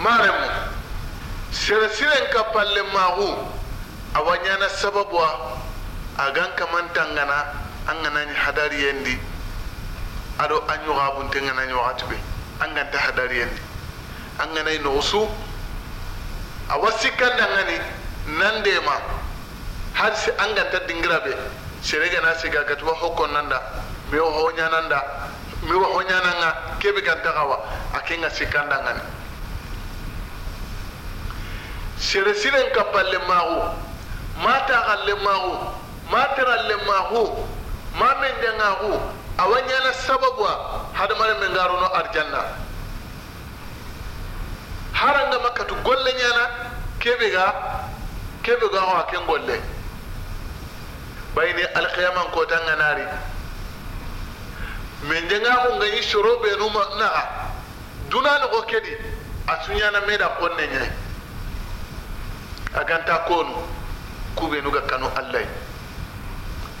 maremu siresiren ka palle maaxu awa ñana sababuwa a gan kamanta ngana an gana hadari ganani hadariyendi aɗo a ñoxabunte ganani waxati ɓe an ganta hadariyendi an ganayi noxusu awa nan ngani ma har si an ganta dingira ɓe sere gana siga gatuwa hokkonnanda mi wo hoñananda mi wo hoñananga keɓe gantaxawa a ke nga sikkanda ngani sere sinen kappalle maaxu ma taxalle maaxu ma teralle maaxu ma menjangaxu awa ñana sababu a hadamaren men no arjanna haranga makkatu golle ñana kebe ga kebe ga xoa ken golle bayni alqiyaman kotanga naari men jangaxu ngañi soro ɓenuma na dunan noxo kedi a suñana meda konne nyai A ganta konu kubenu ga kanu allai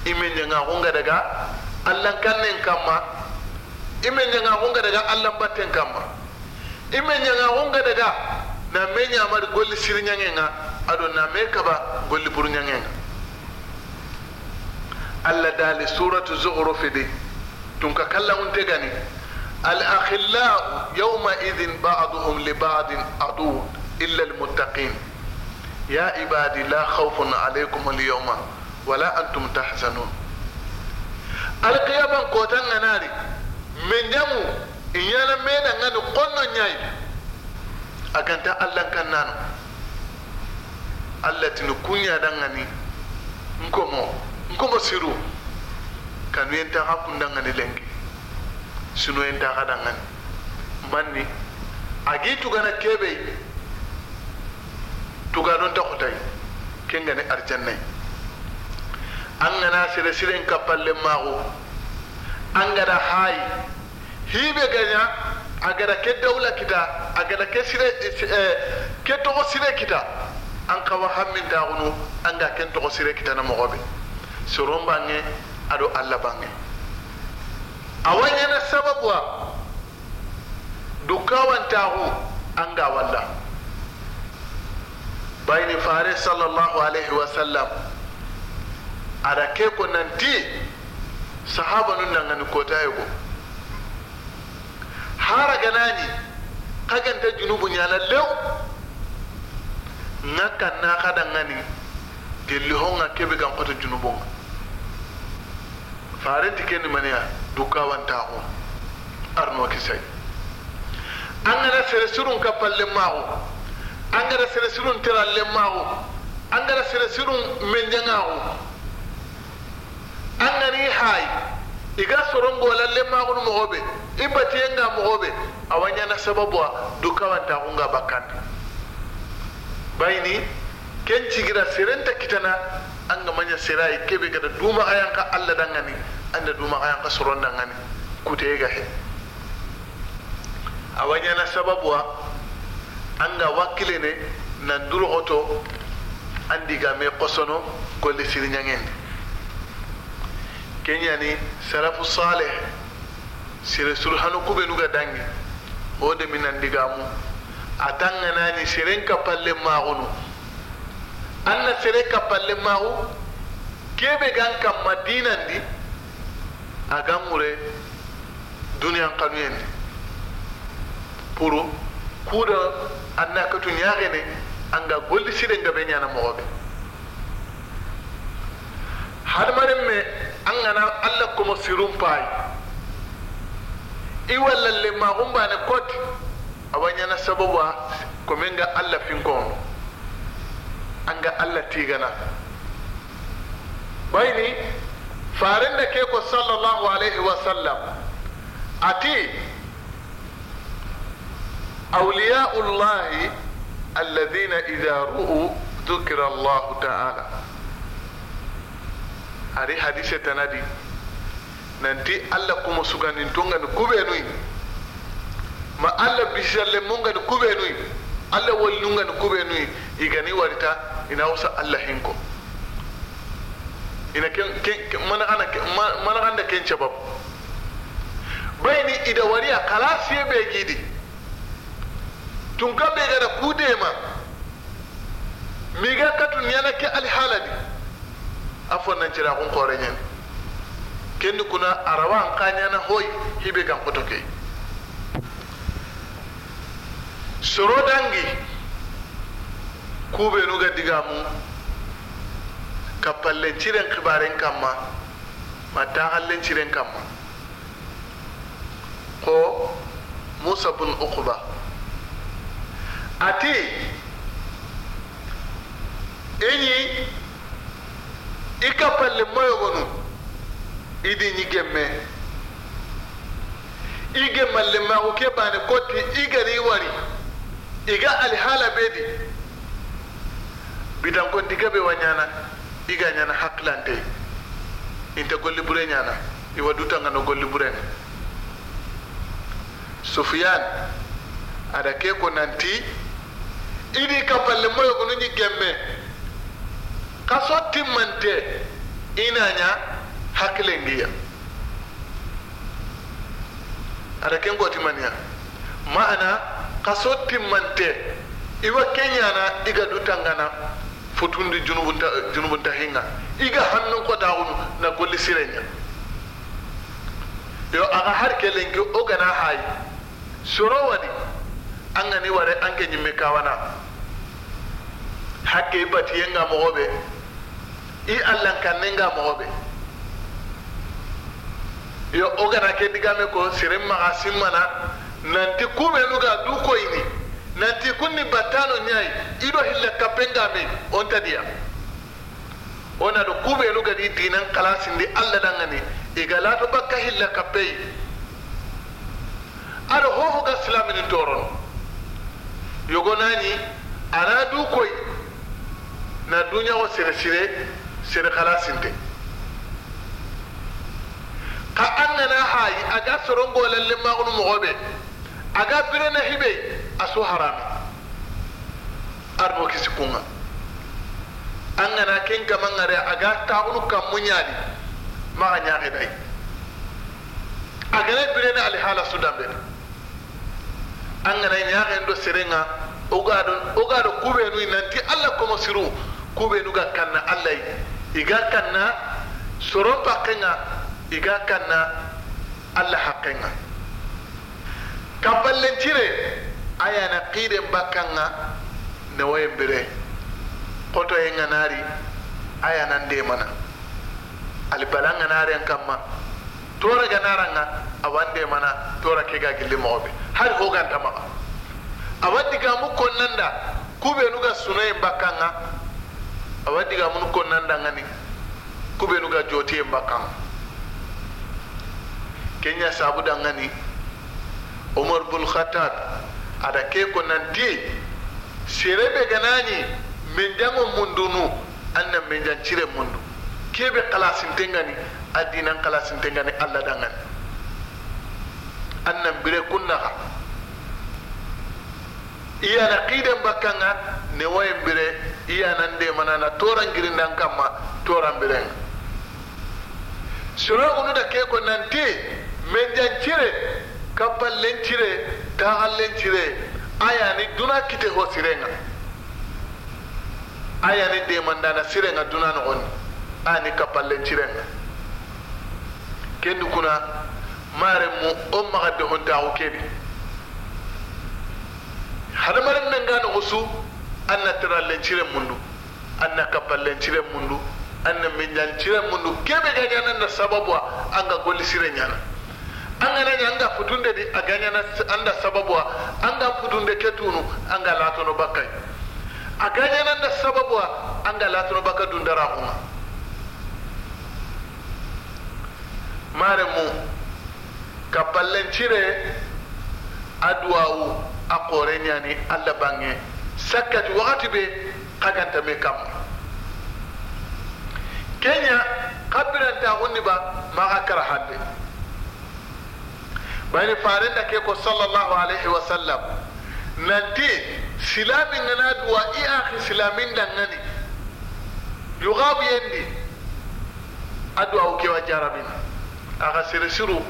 imen nyanga hunga daga allan kannen kama imen nyanga hunga daga allan batten kama imen nyanga hunga daga na me nyamar golli sir nga ado na me kaba golli bur nga allah dali suratu zukhruf de tun ka kalla te gani al akhilla yawma idhin ba'dhum li ba'din adu illa al muttaqin ya ibadi ala kawuna ale kumali yomar wala an tun ta hasan wu ala kaiya kotan nana ni mɛ jamu in yana min da kan da kanna an yai a kan ta ala kan siru kanuɛ ta ka tun da kan ni len suna yɛ ta ka a gi tugan kebe. tugadon ta kutay kin gani arjannay an gana sire siren kappalle mago an gada hay hibe ganya a gada ke daula kita a gada ke sire eh, ke togo sire kita an kawa hammin dagunu an ga ken togo sire kita na mogobe soron bange ado alla bange awanyana sababuwa dukawan tagu an ga wallah bayni fare sallallahu alaihi wasallam ada ke ko nanti sahaba nun dangani kotayo ko hara ganani junubun ya ñala na kan na kada ngani gelli honga kebe fare tike ni nga duka wan ta ko arno kisay an gana sere surun ka palle maxo An gara sere sirun terallen an gara sere sirun menjangaxu an gani hai iga soron golalle maxunu moxo ɓe i batiyenga moxo ɓe awa na sababu a du kawantaxunga bakkandi bayni ken cigira ta kitana an ga manya serayi kebe gada duma ayanka allah an da duma ayanka soron kute kuteye gahe awa na sababu a anga wakkilene nan duroxoto andigame qosono golle kenya ni sarafu saleh sere surhanu nuga dangi o diga mu a tanganani seren kapalle maxunu anna sere kapalle maxu kebe gan madina dinandi a gan mure duniyan kanuyendi pour kuda anna katun yaxene anga golli sirenga be ñana har marin me an gana allah kuma sirun fayi i wallan le ba bane kot awa ñana sababu a komin ga allah kon an ga allah tigana ni farin da ke ko sallallahu alaihi wasallam ati awliya'ullahi alladhina idza ru'u dhukira Allah ta'ala ari hadise tanadi nanti allah kuma suganin tongani kuɓenuyi ma allah bisalle mungani kuɓenuyi allah walnungani kuɓenuyi igani warita ina wasa allah hinko ina mana anda ken cababu bayni ida wariya kala siye ɓe giidi tun ka da gada kuudema miga katun yana ke alhaaladi a fonnancira kun koore ñani kendi kuna arawa an ka ñana hoi hibe gan kuto ke soro dangi kube nuga mu ka pallenciren kibarin kama ma taxallenciren kama ko musa bun ukuba. ati enyi i ka palle moyogonu idi ñi gemme i gemmallemaaku ke baane kotti i gari wari i ga bedi be di bitankonti be wa ñana i ga ñana haklante inte golli bure ñana i wa no golli buren sufiyan ada ke ko nanti idi ka palle moyo kunu ni gemme ka sotti mante hakle ngiya ada ken goti maniya ma'ana ka sotti mante iwa na iga dutangana futundi junubunta junubunta hinga iga hannu ko daunu na golli sirenya yo aga har kelengi o gana hayi soro wadi an gani ware an ke ñimme kawana hakke i batiyenga mɔgɔ bɛ i allankanenga mɔgɔ bɛ yo o gana ke digame ko Sirim maxa Mana nanti kuɓenuga du ini nanti kunni battano ñayi iɗo hilla kappengame on tadiya o naɗo kuɓenuga ɗi dinan kalasindi i ɗangani iga lato bakka hilla ado aɗa hohoga silaminin toron. yogonani ana du koy na duñawo sere sire sere xala sinte xa an gana hayi aga sorongoolan le maxunu moxoɓe aga birena xiɓe a su harami arbo kisi kunga an gana ken kamangare aga taxunu kammu ñaadi maxa ñaxidayi agana birena alihala sudambene an gana ñaxen do serenga oga do kube do na nanti allah kuma siru nu ga kanna allah iga kanna soron i iga kanna allah hakenga kaballencire ayana ya na newoyen bire kotoyenga naari ayana ndemana alibalanga naaren kama tora ganaranga awan ndemana tora gili mɔgɔ bi. hali hogan a awa diga mu konnan da kube nu ga sunayen bakkan ga awa diga mu konnan da ngani kube nu ga jotiyen bakkan kenya sabu da ngani umar bul khattab da ke konnan di serebe ganani min jango mundunu annan min jan cire mundu kebe kalasinte ngani addinan kalasin ngani allah da ngani annan bire kunnaha iyana kiden ne newoyen bire mana na toran dan kama toran biren soroxunu da ke ko nanti menjan cire kappallen cire taxallen cire ni duna kite ho sirenga manda na sirenga duna on ani kappallen cirenga kendu kuna mare mu o o behontaxu keɓi hadamaren nan gane wasu an na cire mundu an na cire mundu an na cire mundu kebe ga ñanan da sababuwa an ga goli sire ñana an ga naña an ga fudun da a gañana an da sababuwa an ga futunde ke tunu an ga latono bakai a nan da sababuwa an ga latono bakka dundara kuma mare mu kapallencire aduwawu a qoreñani allah bange sakkati wakati kaganta me kam, kenya ta hunni ba ka kara hande bani farenda ke ko sallallahu alaihi wa sallam nanti silami ngana duwa i akhi silamin ngani yugabu yendi adwa uke wa jarabin aga sirisiru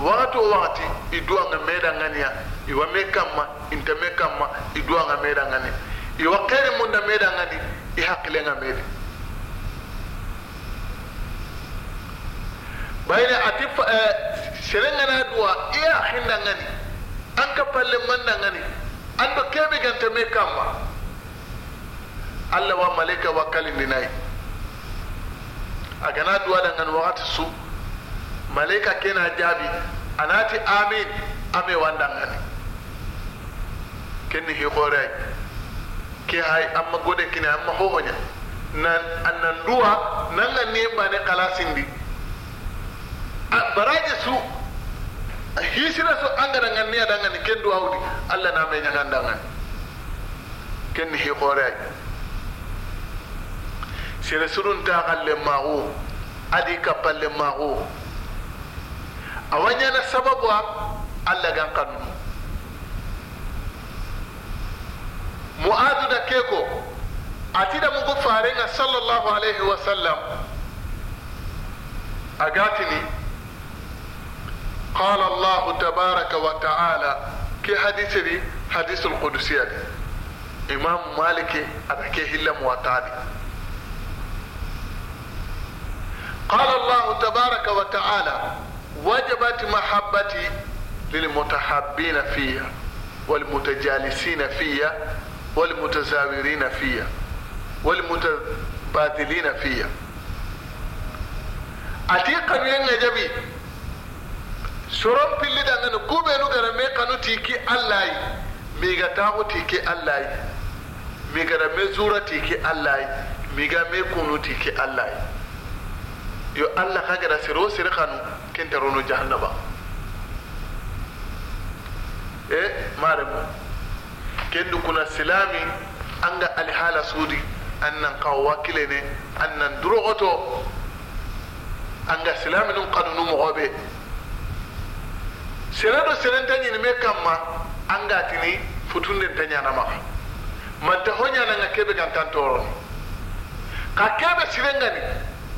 wakati o wakati iduwa ngamedan ngani ya. iwa me kamma inte me kamma i duwanga medangani iwa kere munda medangani i hakkilenga mede bayne ati eh, serengana duwa iya hindangani an ka palle mandangani ando kebe gante me kamma allah wa malaika wa kalindinayi a gana duwa dangan wakati su malaika kena jabi anati amin ame wandangani ken hi hore ke hay amma gode kini amma ho honya nan annan duwa nan ga ne ba ne kalasin di baraje su hisira su an gara ngan ne da ngan ken duwa wudi Allah na me nyakan da ken hi hore surun ta galle mawo adi kapalle mawo awanya na sababu Allah gan kanu mu'adu da keko atida mugu farenga sallallahu alaihi wasallam agatini qala allah tabaraka wa ta'ala ke hadisiri hadisul qudusiyat imam maliki atake hilla muwatadi قال الله تبارك وتعالى وجبت محبتي للمتحابين فيها والمتجالسين فيها wal mutazawirina fiya wal mutabatilina fiya ati kabilen na jabi suron pilli da nan kube nu gara me kanu tiki allah yi mi ga tahu tiki allah yi mi gara me zura tiki allah yi mi ga me kunu tiki allah yi yo allah ka gara siro siri kanu kinta rono jahannaba e mare kendu kuna silami anga alihala sudi annan kawo wakile ne annan durogoto anga silami nun nun mogobe sene do senenta ñinime kamma anga tini de ta ma manta ho nga kebe gantantoroni ka kebe sirengani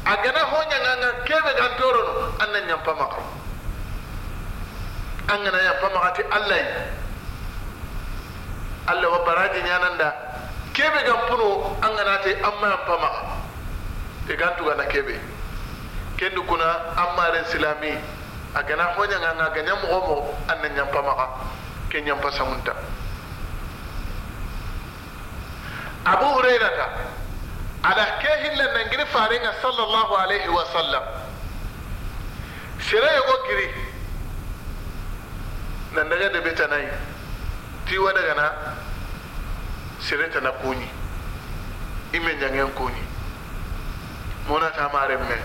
a gana ho nga kebe gantorono anna ñampamaxa angana ala allahy allah wa baraji da kebe gam puno an ta an mayan pama e gantugana kebe kendi kuna an marin silami a gana hoñanga an ga ganyen mu'omo an fama a ke ñampa sangunta abu ta ala ke gini nangiri farenga sallallahu alaihi wa sallam nan daga giri nandaga ta nai. jiwa daga na sireta na kuni ime jangen kuni mona ta mare me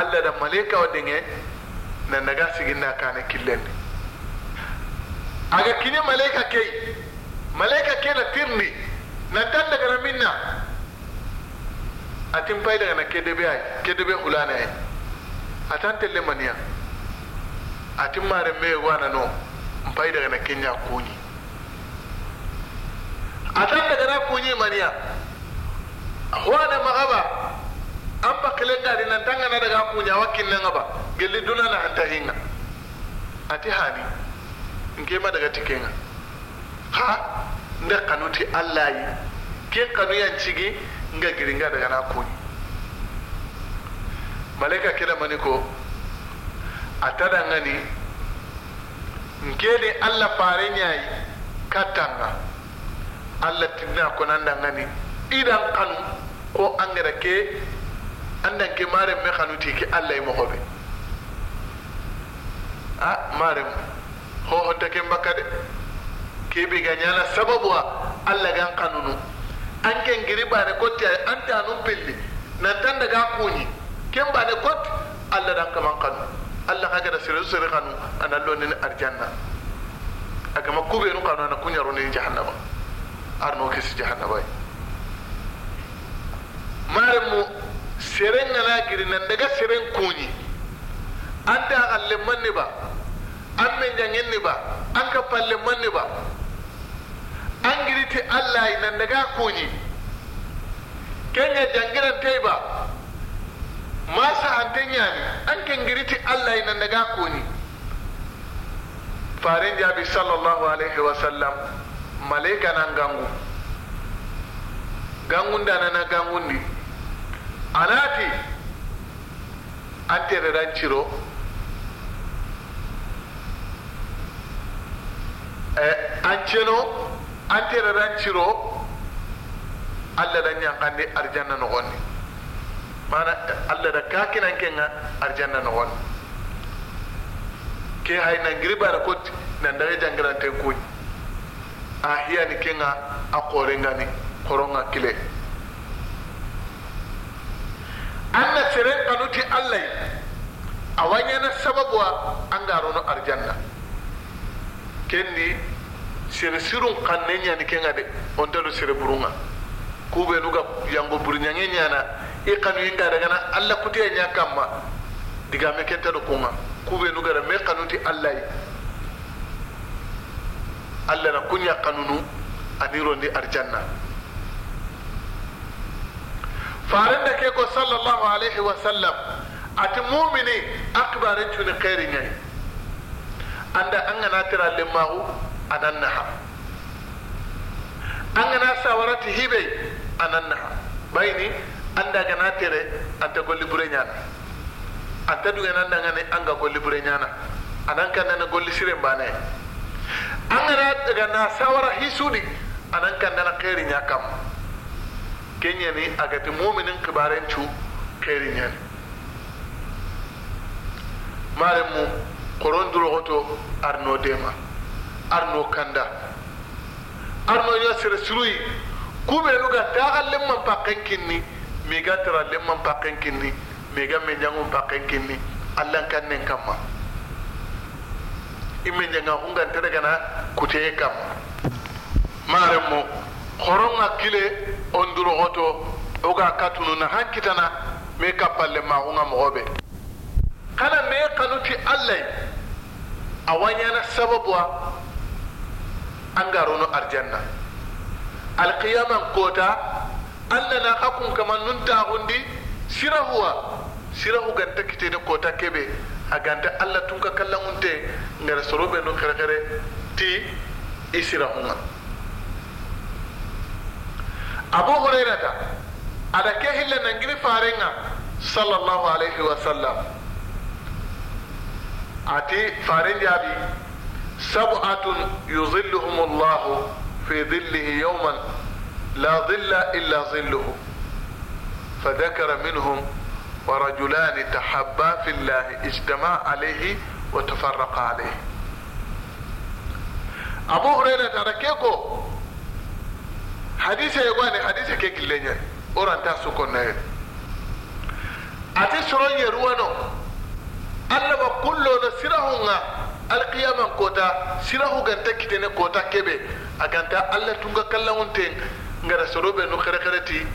alla da malaika wadinge na naga siginna kane killen aga kinya malaika kai malaika kai na tirni na tan daga na minna atin pai daga na kedebe ai kedebe hulana ai atan telle maniya atin mare me wana no bai daga na kenya kuni a tan daga na kunyi maniya a huwane magaba an bakile gari nan tanga na daga kunya wakin nan ba gelli duna na hanta hinga ti hani nke ma daga tikenga ha nda kanuti allah yi ke kanu yan cigi nga giringa daga na kunyi malaika kila mani a ta ngani nkede alla farenyayi katanga alla tinna ngani idan kanu ko angere ke andan ke mare me kanuti ke alla e mogoɓe a ho ta ke mbaka de bi ga la sababu a alla gan kanunu an ken giri bane kotti ay anta pelle na tan daga kuñi ken bane ko alla dan kaman kanu allah ka gada sere sere kanu ana lonni arjanna agama kubenu kanu ana kuñaroni jahannaba arno kesi jahannaba maremu sere ngana giri nan daga seren kuñi anta xalle manni ba an me jangenni ba an ka palle manni ba an giriti allah nan daga kuñi kenga jangirantey ba masa hantanya ne an kangiriti allah yana daga ko ne farin jabi sallallahu alaihi wasallam malaika nan gangu gangun da na gangun di alati an tere ran ciro eh, an ceno an tere ran ciro allah dan ne arjanna nogonni mana allah da kakinan kenga arjanna wani ke da nangiri bara koti nandaga jangiranten kuñ a ni kenga a koron koronga kile an na tsirin kanuti allah a an sababuwa angarono arjanna kenni sere sirun kanne ñani kenga de ondalu sere burunga kuɓenuga yango burñange ɲana. i kanu yi daga na alla kutiya nya kamma diga me kenta do kuma kube nu gara me kanu ti alla yi alla na kunya kanunu aniro ndi arjanna faran da ke ko sallallahu alaihi wa sallam ati mu'mini akbarin tuni khairin yayi anda an gana tira nan anan naha an gana sawarati hibe anan naha bayni anda gana tere anta golli bure ñana anta gana anda ne anga golli bure nyaana anan nana golli sire bane angana gana sawara hisudi anan nana kheri nyaakam kenya ni agati muminin kibaren chu kheri nyaani mare mu koron goto arno dema arno kanda arno ña sere suruyi kuɓenu ga taxallen man paxen kinni mega le man pakin kinni mega menjangun pakin kinni allan kannen kamma imen janga hungantere gana kuteye kamma maren mu horon akile kile hoto oga katunu na han kitana me ma hunga mobe kana me kanuti allai a na sababu a angarono arjanna alqiyaman kota annana hakun kaman nun ta hundi sirahuwa sirahu ganta da kota kebe a ganta allah tun ka kallangunte ngara bai nun xerexere ti i sirahunga abu a da ke gini nangiri nga sallallahu alaihi wa sallam ati faren jaabi sab'atun yuzilluhum yuzilluhumullahu fi yau yawman لا ظل إلا ظله فذكر منهم ورجلان تحبا في الله اجتمع عليه وتفرق عليه أبو هريرة تركيكو حديثة يقول حديثة كيك لنيا أوران تاسو كنا أتي سرون يروانو ألا بكلو نسرهن القيامة كوتا سرهن كنتا كتن كوتا كبه أكانتا ألا تنغا كلا ونتين ngara soro be no khere khere ti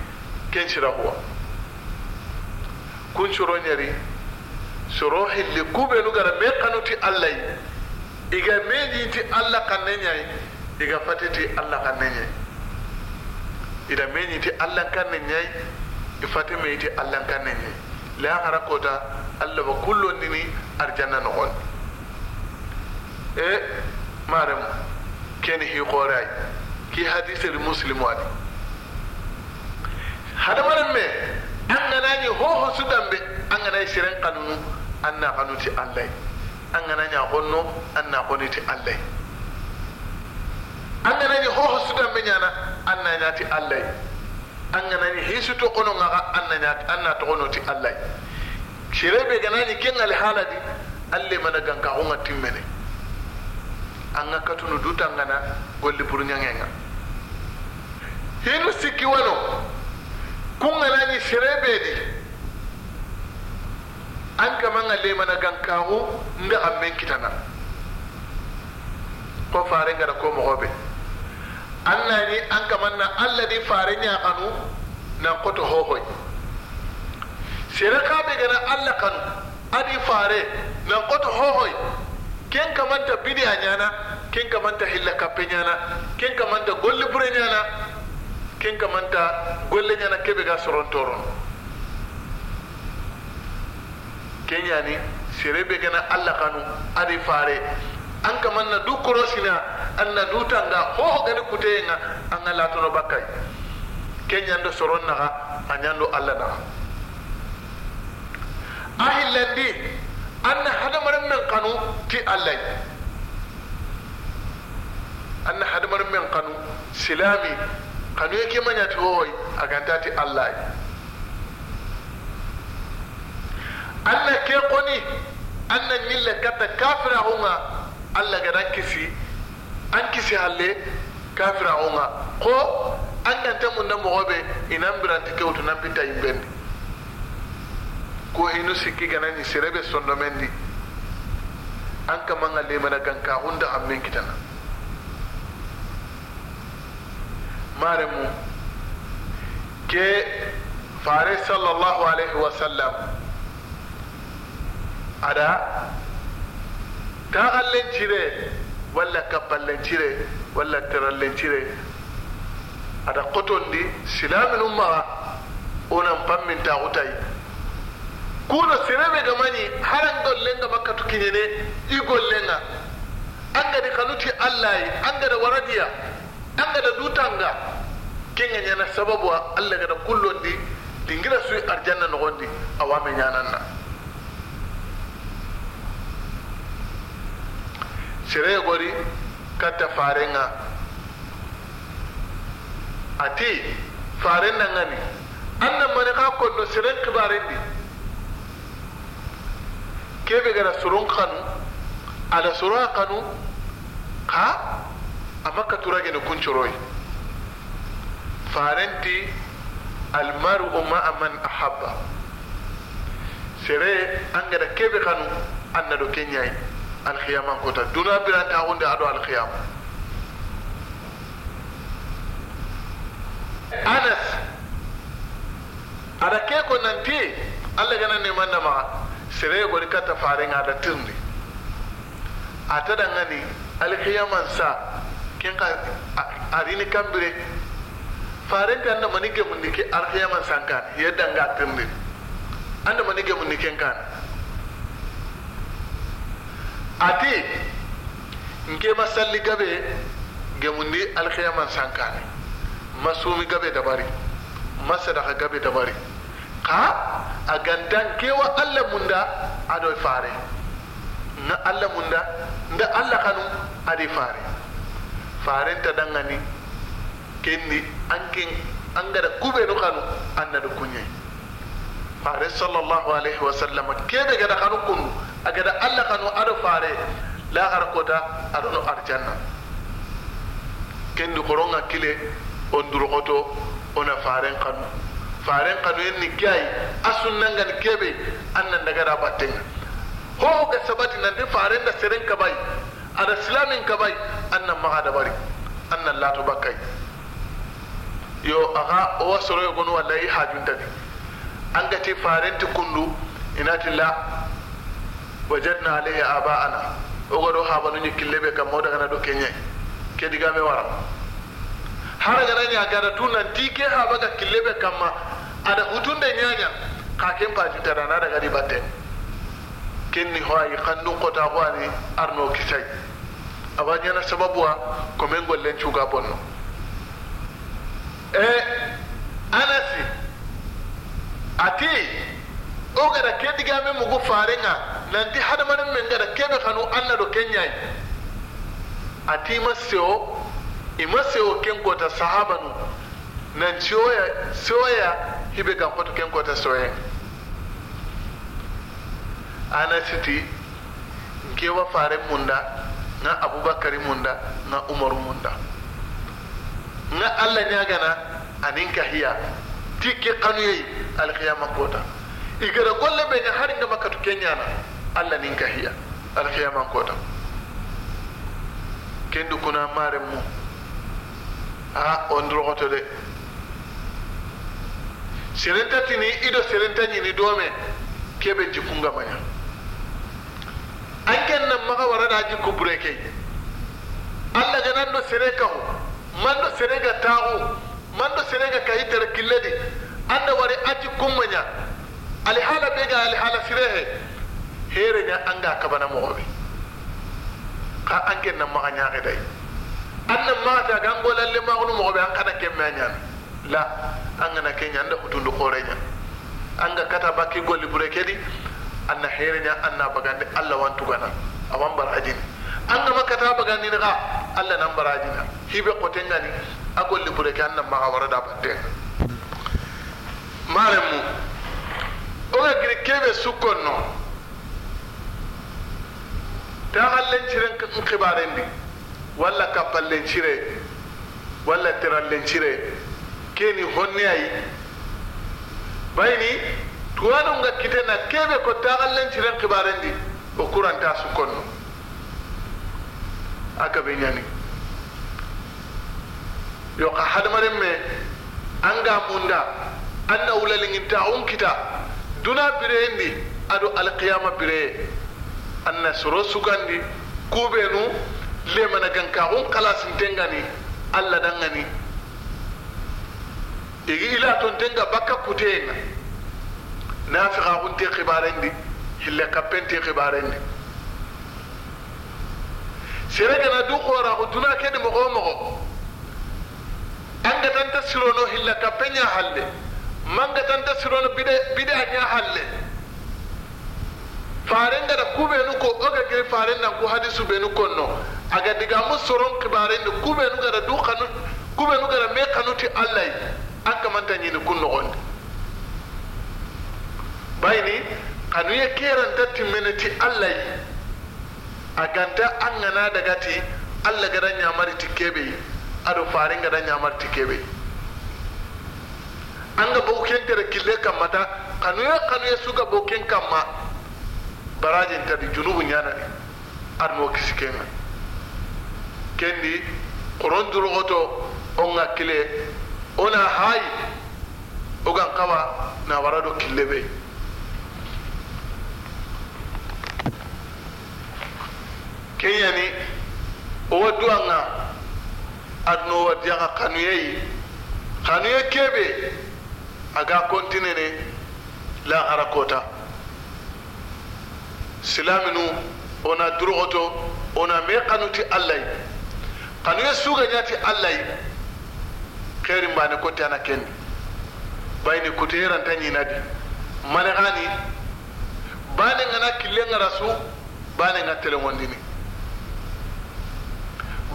ken shira huwa kun shoro nyari soro ku kube no gara me kanu ti allah iga meji ti allah kanne nyai iga ti allah kanne nyai ida meji ti allah kanne nyai fati me ti allah kanne nyai la hara kota allah ba kullo nini arjanna no on e marem keni hi qoray ki hadisi da muslim wani hadamarin me an gana ne hoho su dambe an gana shirin kanunu an na kanu ti allai an gana ne honno an na honi ti allai an gana ne hoho su dambe nyana an na nyati allai an gana ne hisu to kono nga an na nyati an na to kono ti allai shirebe gana ne kin alhaladi alle mana ganka hunga timmene an ga katunu dutangana golli purunyangenga nga hinu sikki wano kunganani di, an lema lemana gankahu nga a men kitana ko fare ngara ko moxoɓe an ni an kamanna allah di fare ñaxanu na koto hohoi sere xaɓe gana allah kanu adi fare na koto hohoi ken kamanta bidi anyana ñana ken kamanta hilla kappe ñana ken kamanta golli bure Kin kamanta golle yana kebe ga toron, ke shere bai gana allakanu kanu adi fare an kaman na duk kurosina an na du tanga hoho gani kute yin an ga latono bakkay ke ñando soron na a an yando allana a hillandi an na hadamaren min kanu ti allai an na hadamaren min kanu silami kanu yake mañati owoy agantati allah allah ke koni anna ñille kata kafira hunga allah ganan kisi an kisi halle kafira hunga ko an ganta mun na mogoɓe inan biranti kewtu nan pitta yimɓendi ko inu sikki ganani serebe sondomendi an kamanga lemana ganka hunda hammen kitana mu ke faris sallallahu alaihi wasallam ada ta allin cire walla kabballin cire walla tirallin cire ada di silamin ummaga onan hutai kuna kuno sirebe gamani haran gollenga makka ne i gollenga an gadi kanuti allah yi an gada waradiya an tangada ga tanga ne na sababu ga da kullon di dingira su arjanna nogondi awame nyanan na sere gori katta farenga ati faren nangani annan mani ka konno kibare di kebe gada surun kanu ala surun kanu ka kun turagene kuncoroi farenti almaru a man ahabba sere gada kebe kanu an anna do keñayi alkiyaman kota duna ta hunde ado alkiyama anas ada ke ko nanti allah gana nemanna ma sere gori katta farenga da tirndi a taɗangani alkiyaman sa kenga arini kambire ka anda manike munike man sanka yedda nga tirni anda manike munike kan ati nke masalli gabe gemundi man sanka masumi gabe dabari masadaka gabe dabari ka a gandan kewa allah munda adoy fare na allah munda nda allah kanu adi fare ta dan dangani kenni gara kube no kanu annadu kunye fare sallallahu alaihi wasallam kebe gada kanu kundu agada alla kanu ado fare la kota adono arjanna kendi koronga kile on durogoto ona faren kanu faren kanu enni kiyai asunnangani kebe annan da batin ho ga sabati nande faren da seren kabai ada silamin kabai annan maga da bari annan latu bakai yo aga ya wasoro wala yi walla ta ne an gati ti kundu inati la wajadna alayhi kille bai kama ñikkille ɓe kam mawdagana ke diga mai wara ne a gara tu ti ke ga kille ɓe kamma aɗa hutunde ñaña ka ken pajuntaɗa naɗagadi batte kenni ho ayi kanndu kota ho ani arno kisai. awa ñana sababuwa ko men gollen cuuga bonno e anasi ati o gara ke digame mugu farenga nanti hadamaden men gara kebe kanu alla do kenñayi ati ima sewo ima sewo ken kota sahaba nu nan siwoya siwoya hibe gan koto ken kota soyen anasiti nkewa faren munda nga abubakari munda nga umaru munda nga alla ñagana anin kahiya ti ke kanuyeyi alkiyama kota i gara golle be nga har nga makatu kenyana ñana alla nin kahiya alkiyama kota kendu kuna mare mu a on de serenta tini ido serenta ñini dome kebe jikunga maña ken nan maga da haji kubure ke allah ga nan do sere ka ho man do sere ga ta ho man do sere ga kayi tar kille di da wari aji kummanya hala be ga hala sere he here ga anga kabana mo be ka ken nan maka nyaage dai nan ma ta ga ngolalle magulu mo be an kana kemme nyana la an kana kenya anda hutundu an ga kata baki golli bure kedi anna herene anna bagani allah wantugana aman barajini anga makata bagandini ga allah nan barajin hibe qotengani a golli bureke kan nan maxa warada battenga o ga gire kebe sukon no ta kibaren nkibarendi walla kappallencire walla terallencire keni honne ay bayni tuwanun ga na kebe ko taxallen ciren di o kuranta konno aka gabe ñani yo ka hadamaren me an ga munda an na ta un kita duna ni adu alqiyama bireye an na soro sugandi kubenu lemana gankaxun ni alla dangani igi ila tenga baka kutena nafixa xunte xibarendi hille kappente xibarendi seregana du xoraxu duna kedi moxo moxo angatanta sirono hilla kappe ña halle mangatanta sirono bide bide a ña halle farengata kuɓenu ko oga giri farendanku hadisu ɓenu konno aga digamu soron kibarendi kuɓenu gara du kanu kuɓenu gara me kanuti allahy an kamanta ñini kun noxondi bayni kanu ye keranta timmeneti allayi a ganta an gana dagati allah gada ñamari ti a aɗo farin gada ñamari ti keɓeyi an ga bogu kentere kille kammata kanu ya suga bo ken kamma barajin ta bi tadi junubu ñanani aɗmo kisi kenga kendi koron durogoto on ga kile ona hayi ogan kawa na wara do kille bai kenyani owa duwanga aduno wa diyanga kanuyeyi kanuye kebe aga ne la harakota silaminu ona durogoto ona me kanuti allayi kanuye sugañati allayi kerin bane kote ana kendi bayni kote yeranta ñinadi mane hani bane ngana kile ngara su bane nga telewondini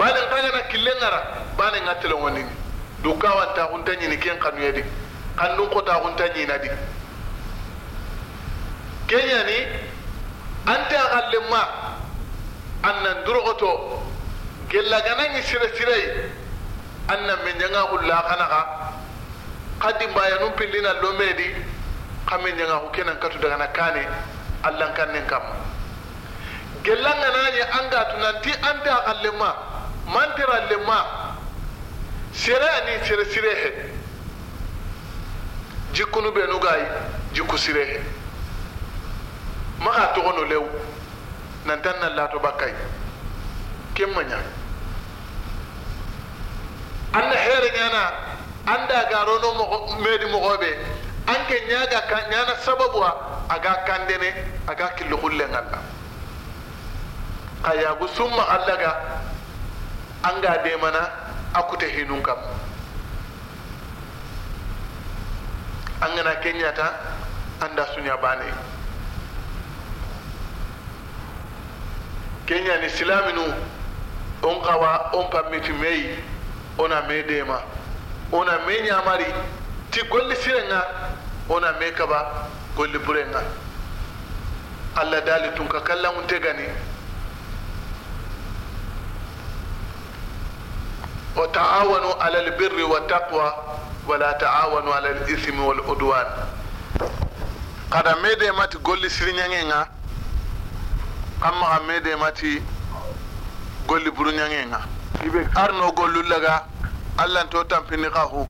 balin tagana kille ngara balin ga tele woni duka kawan ta hunta nyini ken kanu yedi kanu ko ta hunta nyina di kenya ni anta gallemma annan durogoto gella gananyi sire sire annan men nyanga ulla kana ka kadi mbaya lome pillina ka kamen nyanga ko kenan katu daga na kane allan kannen kam gellan gananyi anga tunanti anta ma. mantira lema sere ani sere sire he jikunu benu gayi jiku sire he maxa toxono lew nantan na lato bakai ken ma ñaag anna xeere ñana anda garono moxo meedi moxoɓe anke ñaga ka ñana sababu a aga kandene aga killuxullengal ngalla kaya yaagu ma allaga an ga mana kuta hinun kam an gana ta an da sunya bane kenya ni silaminu on kawa on pamiti meyi ona me dema ona me nyamari ti golli sirenga ona me kaba golli burenga allah dali tun ka kallangunte gani wa ta'awanu alal birri wa taqwa wa la ta'awanu alal ismi wal udwan kada mede mati golli sirnyangenga amma mede mati golli nga. ibe arno gollu laga allan to tampini qahu